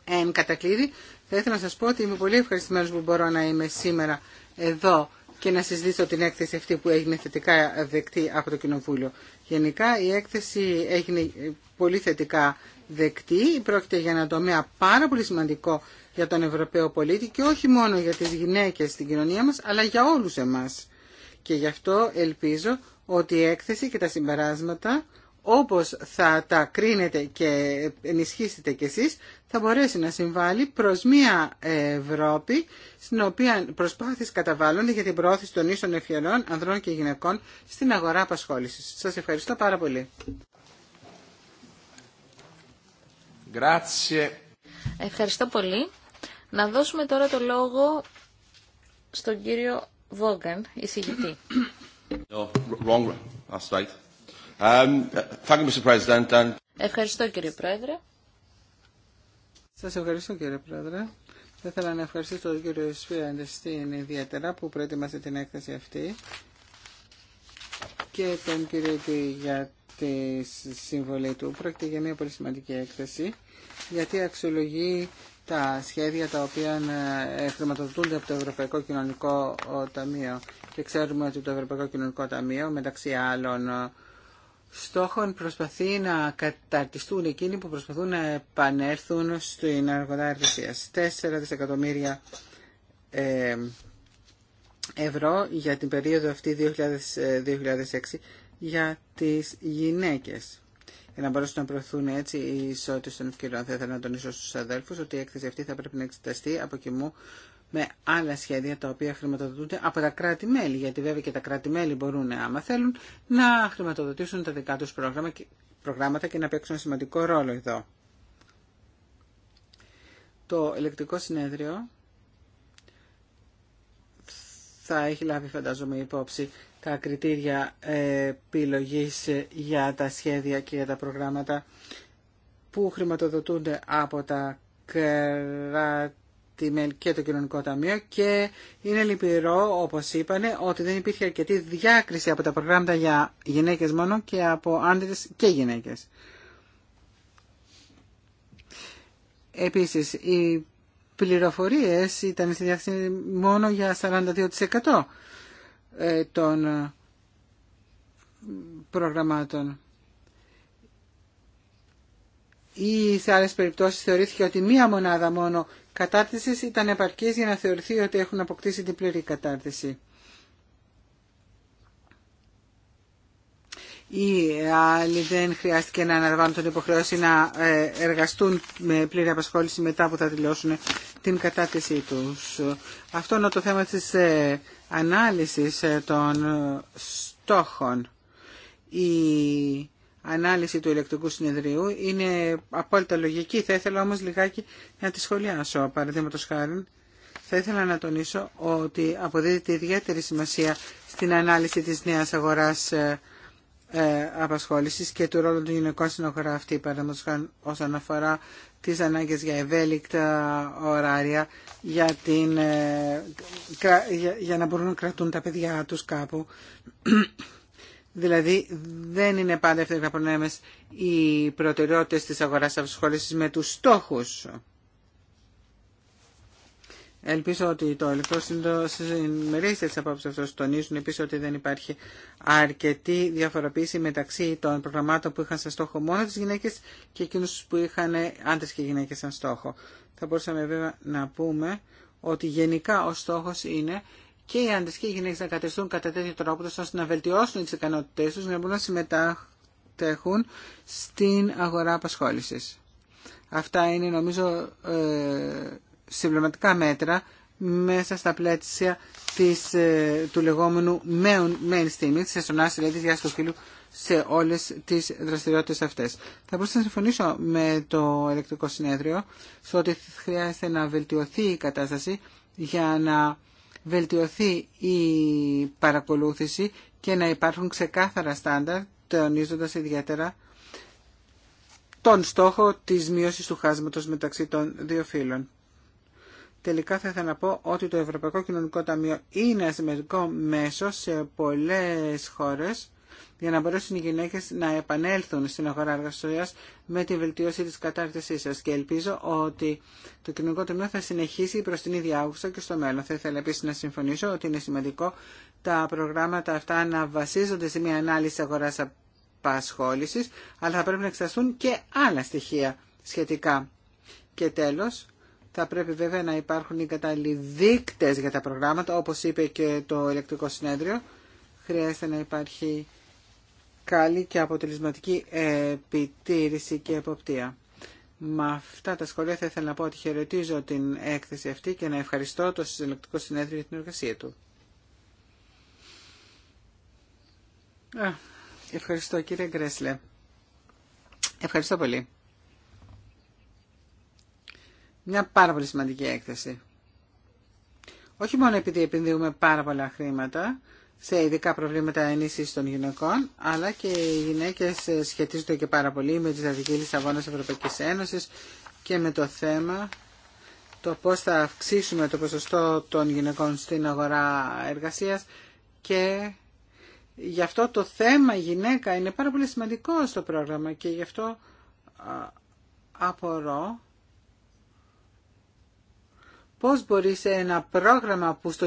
Speaker 3: Εν κατακλείδη, θα ήθελα να σας πω ότι είμαι πολύ ευχαριστημένος που μπορώ να είμαι σήμερα εδώ και να συζητήσω την έκθεση αυτή που έγινε θετικά δεκτή από το Κοινοβούλιο. Γενικά η έκθεση έγινε πολύ θετικά δεκτή. Πρόκειται για ένα τομέα πάρα πολύ σημαντικό για τον Ευρωπαίο πολίτη και όχι μόνο για τις γυναίκες στην κοινωνία μας, αλλά για όλους εμάς. Και γι' αυτό ελπίζω ότι η έκθεση και τα συμπεράσματα, όπως θα τα κρίνετε και ενισχύσετε κι εσείς, θα μπορέσει να συμβάλλει προς μια Ευρώπη στην οποία προσπάθειες καταβάλλονται για την προώθηση των ίσων ευχαιρών ανδρών και γυναικών στην αγορά απασχόλησης. Σας ευχαριστώ πάρα πολύ.
Speaker 2: Ευχαριστώ πολύ. Να δώσουμε τώρα το λόγο στον κύριο Βόγκαν, εισηγητή.
Speaker 1: Oh,
Speaker 3: um, ευχαριστώ κύριε Πρόεδρε. Σας ευχαριστώ κύριε Πρόεδρε. Θα ήθελα να ευχαριστήσω τον κύριο στην ιδιαίτερα που προετοίμασε την έκθεση αυτή και τον κύριο για τη συμβολή του. Πρόκειται για μια πολύ σημαντική έκθεση γιατί αξιολογεί τα σχέδια τα οποία ε, χρηματοδοτούνται από το Ευρωπαϊκό Κοινωνικό Ταμείο. Και ξέρουμε ότι το Ευρωπαϊκό Κοινωνικό Ταμείο, μεταξύ άλλων στόχων προσπαθεί να καταρτιστούν εκείνοι που προσπαθούν να επανέλθουν στην αργοδά 4 δισεκατομμύρια ε, ευρώ για την περίοδο 2000-2006 ε, για τις γυναίκες. Για να μπορέσουν να προωθούν έτσι οι ισότητες των ευκαιριών. Θα ήθελα να τονίσω στους αδέλφου ότι η έκθεση αυτή θα πρέπει να εξεταστεί από κοιμού με άλλα σχέδια τα οποία χρηματοδοτούνται από τα κράτη-μέλη, γιατί βέβαια και τα κράτη-μέλη μπορούν, άμα θέλουν, να χρηματοδοτήσουν τα δικά τους προγράμματα και να παίξουν σημαντικό ρόλο εδώ. Το ελεκτικό συνέδριο θα έχει λάβει φαντάζομαι υπόψη τα κριτήρια επιλογή για τα σχέδια και για τα προγράμματα που χρηματοδοτούνται από τα κράτη και το Κοινωνικό Ταμείο και είναι λυπηρό, όπως είπανε, ότι δεν υπήρχε αρκετή διάκριση από τα προγράμματα για γυναίκες μόνο και από άντρες και γυναίκες. Επίσης, οι πληροφορίες ήταν στη μόνο για 42% ε, των προγραμμάτων. Ή σε άλλες περιπτώσεις θεωρήθηκε ότι μία μονάδα μόνο κατάρτιση ήταν επαρκή για να θεωρηθεί ότι έχουν αποκτήσει την πλήρη κατάρτιση. Οι άλλοι δεν χρειάστηκε να αναλαμβάνουν την υποχρέωση να ε, εργαστούν με πλήρη απασχόληση μετά που θα δηλώσουν την κατάρτισή τους. Αυτό είναι το θέμα της ε, ανάλυσης ε, των στόχων. Η ανάλυση του ηλεκτρικού συνεδρίου. Είναι απόλυτα λογική. Θα ήθελα όμως λιγάκι να τη σχολιάσω. παραδείγματο χάρη, θα ήθελα να τονίσω ότι αποδίδεται ιδιαίτερη σημασία στην ανάλυση της νέας αγοράς ε, ε, απασχόλησης και του ρόλου των γυναικών στην αγορά αυτή, παραδείγματος χάρη, όσον αφορά τις ανάγκες για ευέλικτα ωράρια, για, την, ε, για, για να μπορούν να κρατούν τα παιδιά τους κάπου Δηλαδή δεν είναι πάντα ευθυγραπονέμες οι προτεραιότητες της αγοράς απασχόλησης με τους στόχους. Ελπίζω ότι το ελεκτρό συνημερίσια τη απόψη αυτός τονίζουν επίσης ότι δεν υπάρχει αρκετή διαφοροποίηση μεταξύ των προγραμμάτων που είχαν σαν στόχο μόνο τις γυναίκες και εκείνους που είχαν άντρες και γυναίκες σαν στόχο. Θα μπορούσαμε βέβαια να πούμε ότι γενικά ο στόχος είναι και οι άντρε και οι γυναίκε να κατευθούν κατά τέτοιο τρόπο ώστε να βελτιώσουν τι ικανότητέ του να μπορούν να συμμετέχουν στην αγορά απασχόληση. Αυτά είναι νομίζω ε, συμπληρωματικά μέτρα μέσα στα πλαίσια της, ε, του λεγόμενου mainstreaming, της εσωνάς δηλαδή τη του σε όλε τι δραστηριότητε αυτέ. Θα μπορούσα να συμφωνήσω με το ηλεκτρικό συνέδριο στο ότι χρειάζεται να βελτιωθεί η κατάσταση για να βελτιωθεί η παρακολούθηση και να υπάρχουν ξεκάθαρα στάνταρ, τονίζοντας ιδιαίτερα τον στόχο της μείωσης του χάσματος μεταξύ των δύο φύλων. Τελικά θα ήθελα να πω ότι το Ευρωπαϊκό Κοινωνικό Ταμείο είναι ένα μέσο σε πολλές χώρες για να μπορέσουν οι γυναίκε να επανέλθουν στην αγορά εργασία με τη βελτίωση τη κατάρτισή σα. Και ελπίζω ότι το κοινωνικό τμήμα θα συνεχίσει προ την ίδια άγουσα και στο μέλλον. Θα ήθελα επίση να συμφωνήσω ότι είναι σημαντικό τα προγράμματα αυτά να βασίζονται σε μια ανάλυση αγοράς απασχόλησης, αλλά θα πρέπει να εξεταστούν και άλλα στοιχεία σχετικά. Και τέλο, θα πρέπει βέβαια να υπάρχουν οι κατάλληλοι δείκτες για τα προγράμματα, όπως είπε και το ηλεκτρικό συνέδριο. Χρειάζεται να υπάρχει καλή και αποτελεσματική επιτήρηση και εποπτεία. Με αυτά τα σχολεία θα ήθελα να πω ότι χαιρετίζω την έκθεση αυτή και να ευχαριστώ το συλλεκτικό συνέδριο για την εργασία του. ευχαριστώ κύριε Γκρέσλε. Ευχαριστώ πολύ. Μια πάρα πολύ σημαντική έκθεση. Όχι μόνο επειδή επενδύουμε πάρα πολλά χρήματα, σε ειδικά προβλήματα ενίσχυση των γυναικών, αλλά και οι γυναίκε σχετίζονται και πάρα πολύ με τη στρατηγική Ευρωπαϊκή Ευρωπαϊκής και με το θέμα το πώ θα αυξήσουμε το ποσοστό των γυναικών στην αγορά εργασία. και γι' αυτό το θέμα γυναίκα είναι πάρα πολύ σημαντικό στο πρόγραμμα και γι' αυτό απορώ πώς μπορεί σε ένα πρόγραμμα που στο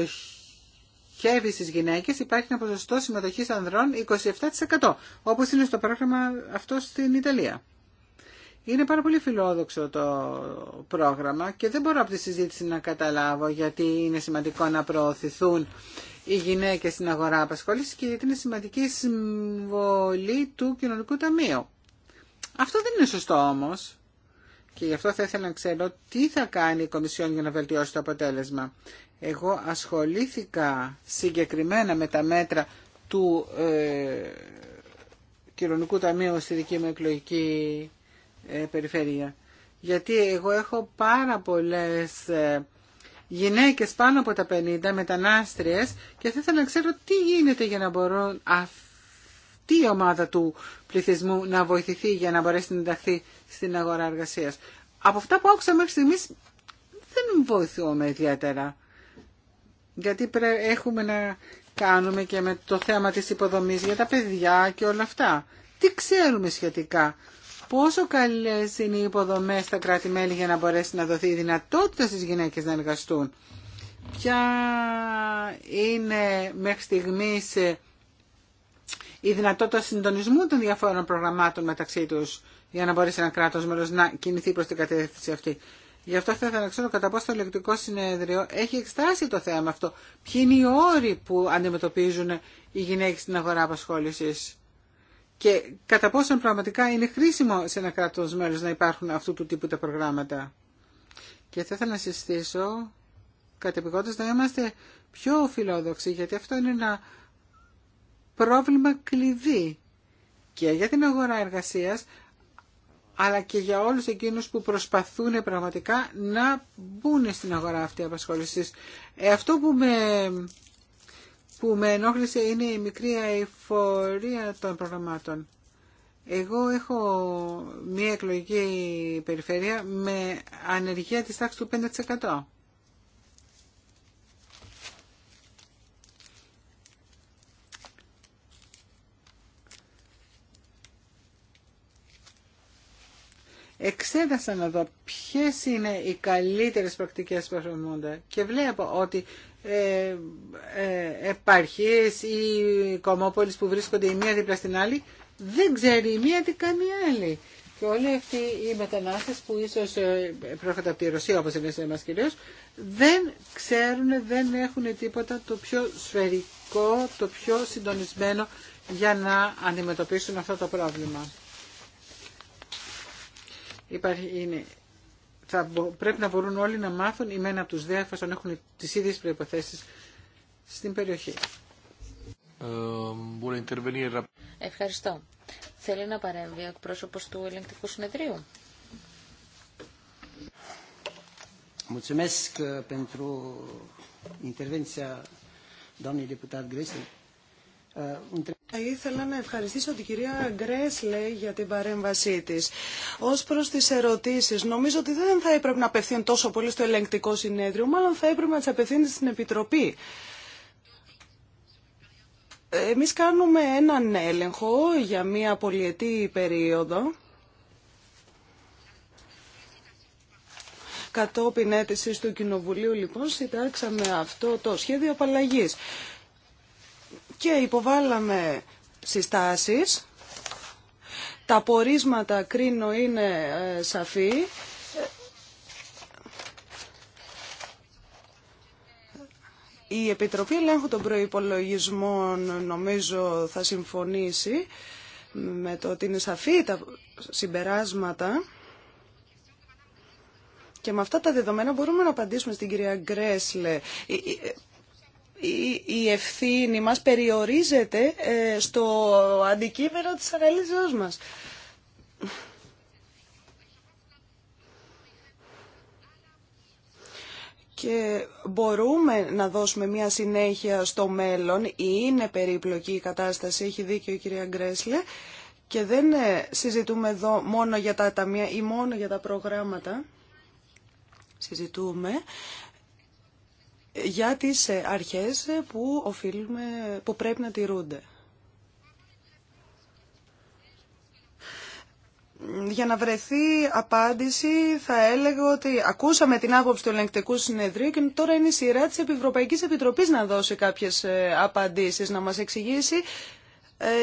Speaker 3: στοχεύει στις γυναίκες υπάρχει ένα ποσοστό συμμετοχής ανδρών 27% όπως είναι στο πρόγραμμα αυτό στην Ιταλία. Είναι πάρα πολύ φιλόδοξο το πρόγραμμα και δεν μπορώ από τη συζήτηση να καταλάβω γιατί είναι σημαντικό να προωθηθούν οι γυναίκες στην αγορά απασχόλησης και γιατί είναι σημαντική συμβολή του κοινωνικού ταμείου. Αυτό δεν είναι σωστό όμως. Και γι' αυτό θα ήθελα να ξέρω τι θα κάνει η Κομισιόν για να βελτιώσει το αποτέλεσμα. Εγώ ασχολήθηκα συγκεκριμένα με τα μέτρα του ε, Κοινωνικού Ταμείου στη δική μου εκλογική ε, περιφέρεια. Γιατί εγώ έχω πάρα πολλές ε, γυναίκες πάνω από τα 50 μετανάστριες και θα ήθελα να ξέρω τι γίνεται για να μπορώ αυτή η ομάδα του πληθυσμού να βοηθηθεί για να μπορέσει να ενταχθεί στην αγορά εργασίας. Από αυτά που άκουσα μέχρι στιγμής δεν βοηθούμε ιδιαίτερα γιατί έχουμε να κάνουμε και με το θέμα της υποδομής για τα παιδιά και όλα αυτά. Τι ξέρουμε σχετικά. Πόσο καλές είναι οι υποδομές στα κράτη-μέλη για να μπορέσει να δοθεί η δυνατότητα στις γυναίκες να εργαστούν. Ποια είναι μέχρι στιγμής η δυνατότητα συντονισμού των διαφόρων προγραμμάτων μεταξύ τους για να μπορέσει ένα κράτος μέλος να κινηθεί προς την κατεύθυνση αυτή. Γι' αυτό θα ήθελα να ξέρω κατά πόσο το ελεκτικό συνέδριο έχει εξτάσει το θέμα αυτό. Ποιοι είναι οι όροι που αντιμετωπίζουν οι γυναίκες στην αγορά απασχόλησης. Και κατά πόσο πραγματικά είναι χρήσιμο σε ένα κράτο μέρο να υπάρχουν αυτού του τύπου τα προγράμματα. Και θα ήθελα να συστήσω κατεπηγόντως να είμαστε πιο φιλόδοξοι, γιατί αυτό είναι ένα πρόβλημα κλειδί και για την αγορά εργασίας, αλλά και για όλους εκείνους που προσπαθούν πραγματικά να μπουν στην αγορά αυτή απασχόλησης. Ε, αυτό που με, που με ενόχλησε είναι η μικρή αηφορία των προγραμμάτων. Εγώ έχω μία εκλογική περιφέρεια με ανεργία της τάξης του 5%. εξέτασα να δω ποιες είναι οι καλύτερες πρακτικές που εφαρμόνται και βλέπω ότι ε, ε, επαρχίες ή κομμόπολεις που βρίσκονται η μία δίπλα στην άλλη δεν ξέρει η μία τι κάνει η άλλη. Και όλοι αυτοί οι μετανάστες που ίσως ε, προέρχονται από τη Ρωσία όπως εμείς εμάς κυρίως δεν ξερει η μια τι κανει η αλλη και ολοι αυτοι οι μεταναστες που ισως προκειται απο τη ρωσια οπως εμεις εμας κυριως δεν έχουν τίποτα το πιο σφαιρικό, το πιο συντονισμένο για να αντιμετωπίσουν αυτό το πρόβλημα. Υπάρχει, είναι, θα μπο, πρέπει να μπορούν όλοι να μάθουν μένα από τους δέα εφόσον έχουν τις ίδιες προϋποθέσεις στην περιοχή.
Speaker 2: Ευχαριστώ. Θέλει να παρέμβει ο πρόσωπος του ελεγκτικού συνεδρίου.
Speaker 3: Mulțumesc pentru
Speaker 1: intervenția doamnei deputat Gresel. Θα ε, ε, ήθελα να ευχαριστήσω την κυρία Γκρέσλε για την παρέμβασή της. Ως προς τις ερωτήσεις, νομίζω ότι δεν θα έπρεπε να απευθύνει τόσο πολύ στο ελεγκτικό συνέδριο, μάλλον θα έπρεπε να τις απευθύνει στην Επιτροπή. Εμείς κάνουμε έναν έλεγχο για μία πολιετή περίοδο. Κατόπιν αίτησης του Κοινοβουλίου, λοιπόν, συντάξαμε αυτό το σχέδιο απαλλαγής και υποβάλαμε συστάσεις. Τα πορίσματα κρίνω είναι ε, σαφή. Η Επιτροπή Ελέγχου των Προϋπολογισμών νομίζω θα συμφωνήσει με το ότι είναι σαφή τα συμπεράσματα και με αυτά τα δεδομένα μπορούμε να απαντήσουμε στην κυρία Γκρέσλε η ευθύνη μας περιορίζεται ε, στο αντικείμενο της αναλύσεώς μας. και μπορούμε να δώσουμε μια συνέχεια στο μέλλον. Είναι περίπλοκη η κατάσταση, έχει δίκιο η κυρία Γκρέσλε και δεν ε, συζητούμε εδώ μόνο για τα ταμεία ή μόνο για τα προγράμματα. Συζητούμε για τις ε, αρχές ε, που, οφείλουμε, που πρέπει να τηρούνται. για να βρεθεί απάντηση θα έλεγα ότι ακούσαμε την άποψη του ελεγκτικού συνεδρίου και τώρα είναι η σειρά της Ευρωπαϊκής Επιτροπής να δώσει κάποιες ε, απαντήσεις, να μας εξηγήσει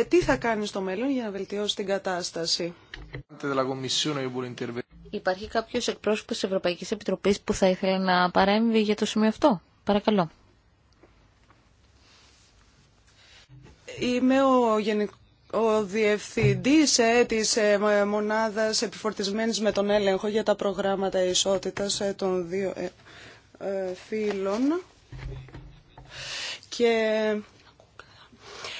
Speaker 1: τι θα κάνει στο μέλλον για να βελτιώσει την κατάσταση. Υπάρχει
Speaker 2: κάποιος εκπρόσωπος της Ευρωπαϊκής Επιτροπής που θα ήθελε να παρέμβει για το σημείο αυτό. Παρακαλώ.
Speaker 1: Είμαι ο Γενικός ο διευθυντής ε, της ε, ε, μονάδας επιφορτισμένης με τον έλεγχο για τα προγράμματα ισότητας των δύο φύλων και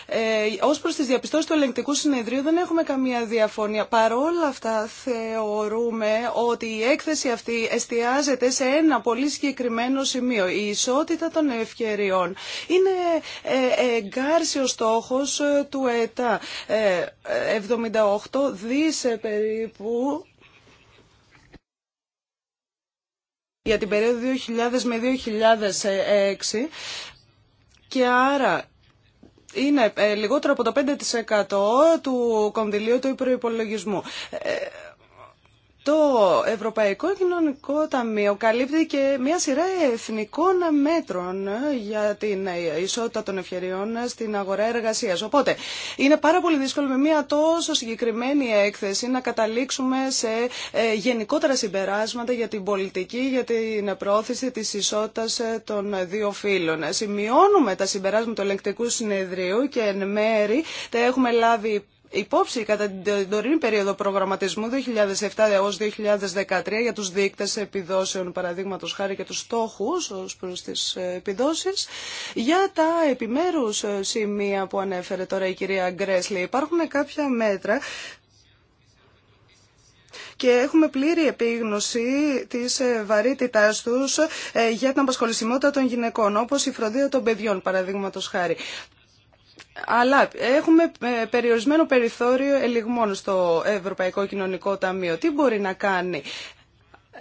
Speaker 1: ε, Ω προ τι διαπιστώσει του ελεγκτικού συνεδρίου δεν έχουμε καμία διαφωνία. Παρόλα αυτά θεωρούμε ότι η έκθεση αυτή εστιάζεται σε ένα πολύ συγκεκριμένο σημείο. Η ισότητα των ευκαιριών είναι ε, εγκάρσιο στόχο ε, του ΕΤΑ. 78 δις περίπου για την περίοδο 2000 με 2006 και άρα είναι ε, λιγότερο από το 5% του κονδυλίου του Ε, το Ευρωπαϊκό Κοινωνικό Ταμείο καλύπτει και μια σειρά εθνικών μέτρων για την ισότητα των ευκαιριών στην αγορά εργασία. Οπότε είναι πάρα πολύ δύσκολο με μια τόσο συγκεκριμένη έκθεση να καταλήξουμε σε ε, γενικότερα συμπεράσματα για την πολιτική, για την πρόθεση της ισότητας ε, των δύο φύλων. Σημειώνουμε τα συμπεράσματα του ελεγκτικού συνεδρίου και εν μέρη τα έχουμε λάβει υπόψη κατά την τωρινή περίοδο προγραμματισμού 2007 έως 2013 για τους δείκτες επιδόσεων παραδείγματος χάρη και τους στόχους ως προς τις ε, επιδόσεις για τα επιμέρους ε, σημεία που ανέφερε τώρα η κυρία Γκρέσλι υπάρχουν κάποια μέτρα και έχουμε πλήρη επίγνωση τη ε, βαρύτητά του για την απασχολησιμότητα των γυναικών, όπω η φροντίδα των παιδιών, παραδείγματο χάρη. Αλλά έχουμε ε, περιορισμένο περιθώριο ελιγμών στο Ευρωπαϊκό Κοινωνικό Ταμείο. Τι μπορεί να κάνει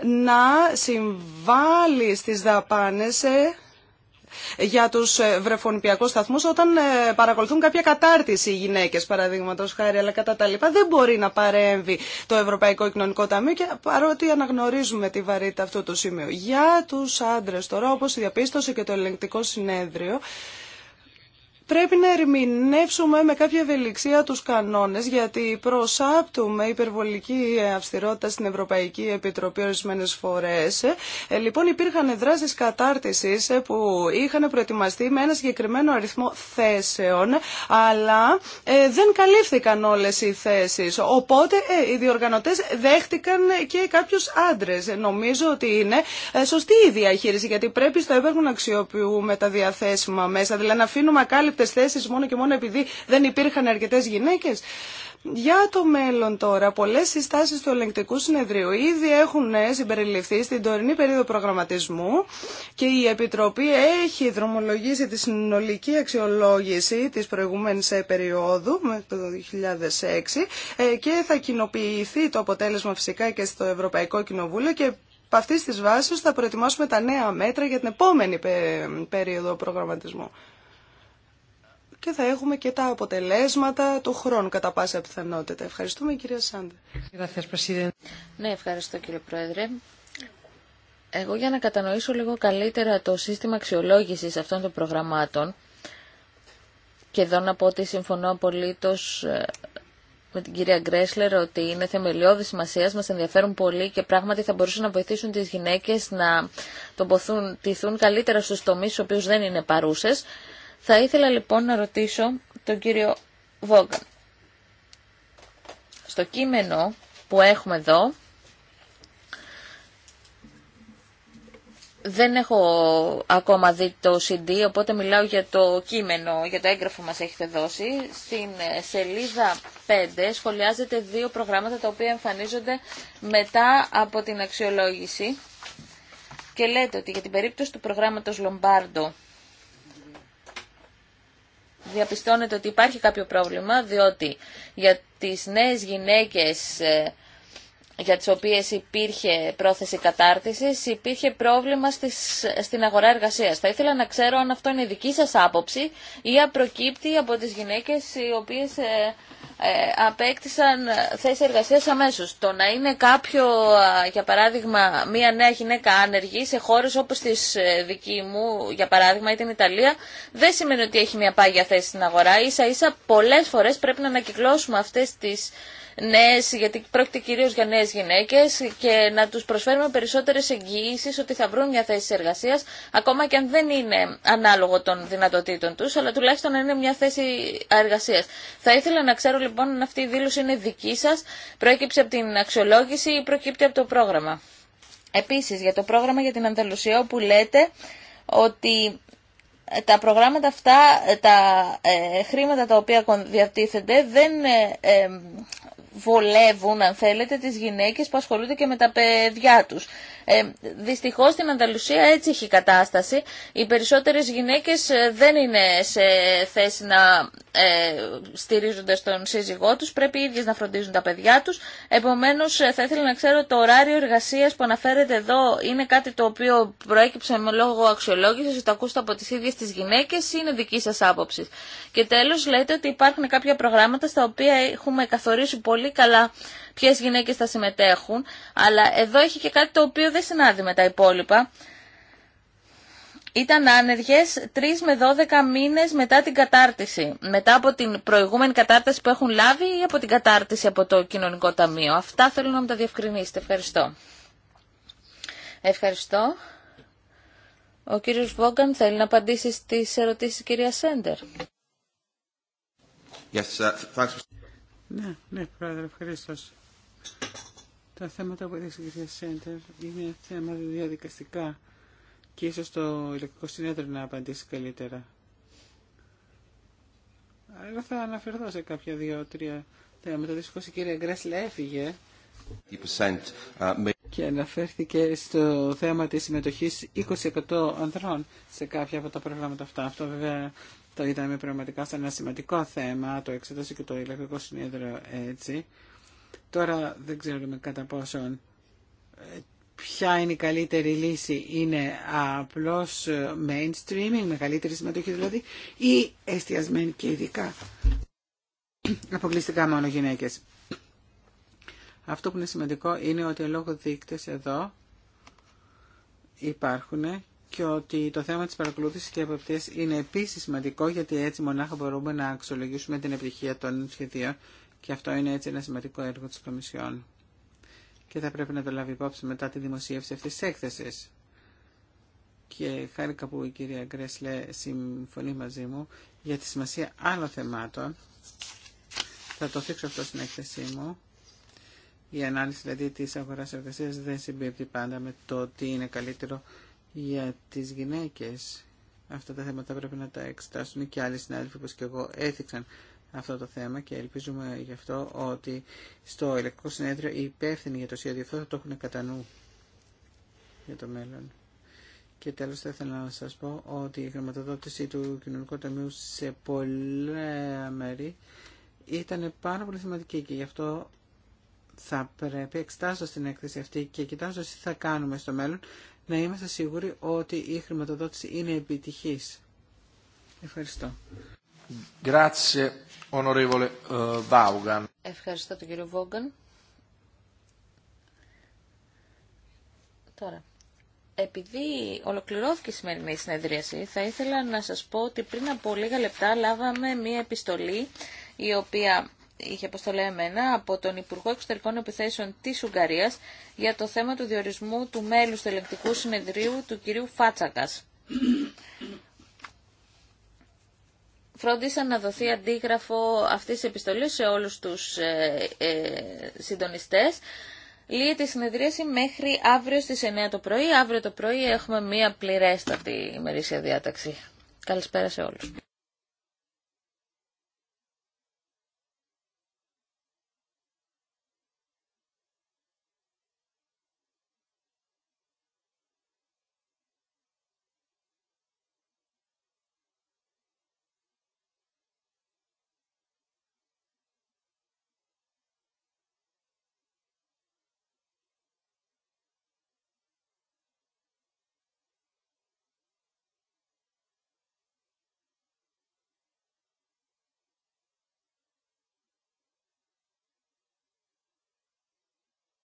Speaker 1: να συμβάλλει στις δαπάνες ε, για τους ε, βρεφονιπιακούς σταθμούς όταν παρακολουθούν κάποια κατάρτιση οι γυναίκες παραδείγματος χάρη αλλά κατά τα λοιπά δεν μπορεί να παρέμβει το Ευρωπαϊκό Κοινωνικό Ταμείο και παρότι αναγνωρίζουμε τη βαρύτητα αυτού του σημείου. Για τους άντρες τώρα όπως διαπίστωσε και το ελεγκτικό συνέδριο Πρέπει να ερμηνεύσουμε με κάποια ευελιξία τους κανόνες γιατί προσάπτουμε υπερβολική αυστηρότητα στην Ευρωπαϊκή Επιτροπή ορισμένε φορές. Ε, λοιπόν υπήρχαν δράσεις κατάρτισης ε, που είχαν προετοιμαστεί με ένα συγκεκριμένο αριθμό θέσεων αλλά ε, δεν καλύφθηκαν όλες οι θέσεις. Οπότε οι διοργανωτές δέχτηκαν και κάποιους άντρες. Νομίζω ότι είναι σωστή η διαχείριση γιατί πρέπει στο έπαιρμα να αξιοποιούμε τα διαθέσιμα μέσα. Δηλαδή να αφήνουμε ανεπρόσδεκτες θέσεις μόνο και μόνο επειδή δεν υπήρχαν αρκετές γυναίκες. Για το μέλλον τώρα, πολλέ συστάσει του ελεγκτικού συνεδρίου ήδη έχουν ε, συμπεριληφθεί στην τωρινή περίοδο προγραμματισμού και η Επιτροπή έχει δρομολογήσει τη συνολική αξιολόγηση τη προηγούμενη ε, περίοδου, το 2006, ε, και θα κοινοποιηθεί το αποτέλεσμα φυσικά και στο Ευρωπαϊκό Κοινοβούλιο και από αυτή τη βάση θα προετοιμάσουμε τα νέα μέτρα για την επόμενη περίοδο προγραμματισμού και θα έχουμε και τα αποτελέσματα του χρόνου κατά πάσα πιθανότητα. Ευχαριστούμε κυρία Σάντε. Ναι,
Speaker 2: ευχαριστώ κύριε Πρόεδρε. Εγώ για να κατανοήσω λίγο καλύτερα το σύστημα αξιολόγησης αυτών των προγραμμάτων και εδώ να πω ότι συμφωνώ απολύτως ε, με την κυρία Γκρέσλερ ότι είναι θεμελιώδη σημασία, μα ενδιαφέρουν πολύ και πράγματι θα μπορούσαν να βοηθήσουν τι γυναίκε να τοποθούν, καλύτερα στου τομεί στου οποίου δεν είναι παρούσε. Θα ήθελα λοιπόν να ρωτήσω τον κύριο Βόγκαν. Στο κείμενο που έχουμε εδώ, δεν έχω ακόμα δει το CD, οπότε μιλάω για το κείμενο, για το έγγραφο μας έχετε δώσει. Στην ε, σελίδα 5 σχολιάζεται δύο προγράμματα τα οποία εμφανίζονται μετά από την αξιολόγηση. Και λέτε ότι για την περίπτωση του προγράμματος Λομπάρντο διαπιστώνεται ότι υπάρχει κάποιο πρόβλημα, διότι για τις νέες γυναίκες ε, για τις οποίες υπήρχε πρόθεση κατάρτισης, υπήρχε πρόβλημα στις, στην αγορά εργασίας. Θα ήθελα να ξέρω αν αυτό είναι δική σας άποψη ή απροκύπτει από τις γυναίκες οι οποίες ε, ε, απέκτησαν θέση εργασίας αμέσως. Το να είναι κάποιο, για παράδειγμα, μία νέα γυναίκα άνεργη σε χώρες όπως τη ε, δική μου, για παράδειγμα, ή την Ιταλία, δεν σημαίνει ότι έχει μία πάγια θέση στην αγορά. Ίσα ίσα πολλές φορές πρέπει να ανακυκλώσουμε αυτές τις νέες, γιατί πρόκειται κυρίως για νέες γυναίκες και να τους προσφέρουμε περισσότερες εγγυήσεις ότι θα βρουν μια θέση εργασίας, ακόμα και αν δεν είναι ανάλογο των δυνατοτήτων τους, αλλά τουλάχιστον να είναι μια θέση εργασίας. Θα ήθελα να ξέρω λοιπόν αν αυτή η δήλωση είναι δική σας, προέκυψε από την αξιολόγηση ή προκύπτει από το πρόγραμμα. Επίσης, για το πρόγραμμα για την Ανταλουσία, όπου λέτε ότι τα προγράμματα αυτά, τα ε, χρήματα τα οποία διατίθενται δεν ε, ε, βολεύουν, αν θέλετε, τις γυναίκες που ασχολούνται και με τα παιδιά τους. Ε, δυστυχώς στην Ανταλουσία έτσι έχει κατάσταση. Οι περισσότερες γυναίκες ε, δεν είναι σε θέση να ε, στήριζονται στον σύζυγό τους, πρέπει οι ίδιες να φροντίζουν τα παιδιά τους. Επομένως, ε, θα ήθελα να ξέρω το ωράριο εργασίας που αναφέρεται εδώ είναι κάτι το οποίο προέκυψε με λόγο αξιολόγησης, το ακούστε από τις ίδιες τις γυναίκες ή είναι δική σας άποψη. Και τέλος, λέτε ότι υπάρχουν κάποια προγράμματα στα οποία έχουμε καθορίσει πολύ καλά ποιες γυναίκες θα συμμετέχουν, αλλά εδώ έχει και κάτι το οποίο δεν συνάδει με τα υπόλοιπα ήταν άνεργες 3 με 12 μήνες μετά την κατάρτιση. Μετά από την προηγούμενη κατάρτιση που έχουν λάβει ή από την κατάρτιση από το Κοινωνικό Ταμείο. Αυτά θέλω να μου τα διευκρινίσετε. Ευχαριστώ. Ευχαριστώ. Ο κύριος Βόγκαν θέλει να απαντήσει στις ερωτήσεις της κυρίας Σέντερ.
Speaker 3: Yes, uh, ναι, ναι, πρόεδρε, ευχαριστώ. Τα θέματα που έδειξε η κυρία Σέντερ είναι θέματα διαδικαστικά και ίσως το ηλεκτρικό συνέδριο να απαντήσει καλύτερα. Αλλά θα αναφερθώ σε κάποια δύο-τρία θέματα. Δυστυχώς η κυρία Γκρέσλα έφυγε και αναφέρθηκε στο θέμα της συμμετοχής 20% ανδρών σε κάποια από τα προγράμματα αυτά. Αυτό βέβαια το είδαμε πραγματικά σαν ένα σημαντικό θέμα, το εξέτασε και το ηλεκτρικό συνέδριο έτσι. Τώρα δεν ξέρουμε κατά πόσον ποια είναι η καλύτερη λύση είναι απλώς mainstreaming, μεγαλύτερη συμμετοχή δηλαδή, ή εστιασμένη και ειδικά αποκλειστικά μόνο γυναίκες. Αυτό που είναι σημαντικό είναι ότι λόγω δείκτες εδώ υπάρχουν και ότι το θέμα της παρακολούθησης και εποπτείας είναι επίσης σημαντικό γιατί έτσι μονάχα μπορούμε να αξιολογήσουμε την επιτυχία των σχεδίων και αυτό είναι έτσι ένα σημαντικό έργο της Κομισιόν και θα πρέπει να το λάβει υπόψη μετά τη δημοσίευση αυτής της έκθεσης. Και χάρηκα που η κυρία Γκρέσλε συμφωνεί μαζί μου για τη σημασία άλλων θεμάτων. Θα το θίξω αυτό στην έκθεσή μου. Η ανάλυση δηλαδή της αγοράς εργασίας δεν συμπίπτει πάντα με το τι είναι καλύτερο για τις γυναίκες. Αυτά τα θέματα πρέπει να τα εξετάσουν και άλλοι συνάδελφοι όπως και εγώ έθιξαν αυτό το θέμα και ελπίζουμε γι' αυτό ότι στο ηλεκτρικό συνέδριο οι υπεύθυνοι για το σχέδιο αυτό θα το έχουν κατά νου για το μέλλον. Και τέλος θα ήθελα να σας πω ότι η χρηματοδότηση του Κοινωνικού Ταμείου σε πολλά μέρη ήταν πάρα πολύ θεματική και γι' αυτό θα πρέπει εξτάσω στην έκθεση αυτή και κοιτάζω τι θα κάνουμε στο μέλλον να είμαστε σίγουροι ότι η χρηματοδότηση είναι επιτυχής. Ευχαριστώ.
Speaker 1: Eh,
Speaker 2: Ευχαριστώ τον κύριο Βόγκαν. Τώρα, επειδή ολοκληρώθηκε η σημερινή συνεδρίαση, θα ήθελα να σας πω ότι πριν από λίγα λεπτά λάβαμε μία επιστολή η οποία είχε αποστολέ εμένα από τον Υπουργό Εξωτερικών Επιθέσεων της Ουγγαρίας για το θέμα του διορισμού του μέλους του ελεγκτικού συνεδρίου του κυρίου Φάτσακας φρόντισαν να δοθεί αντίγραφο αυτής της επιστολής σε όλους τους ε, ε, συντονιστές. Λύεται η συνεδρίαση μέχρι αύριο στις 9 το πρωί. Αύριο το πρωί έχουμε μία πληρέστατη ημερήσια διάταξη.
Speaker 1: Καλησπέρα σε όλους.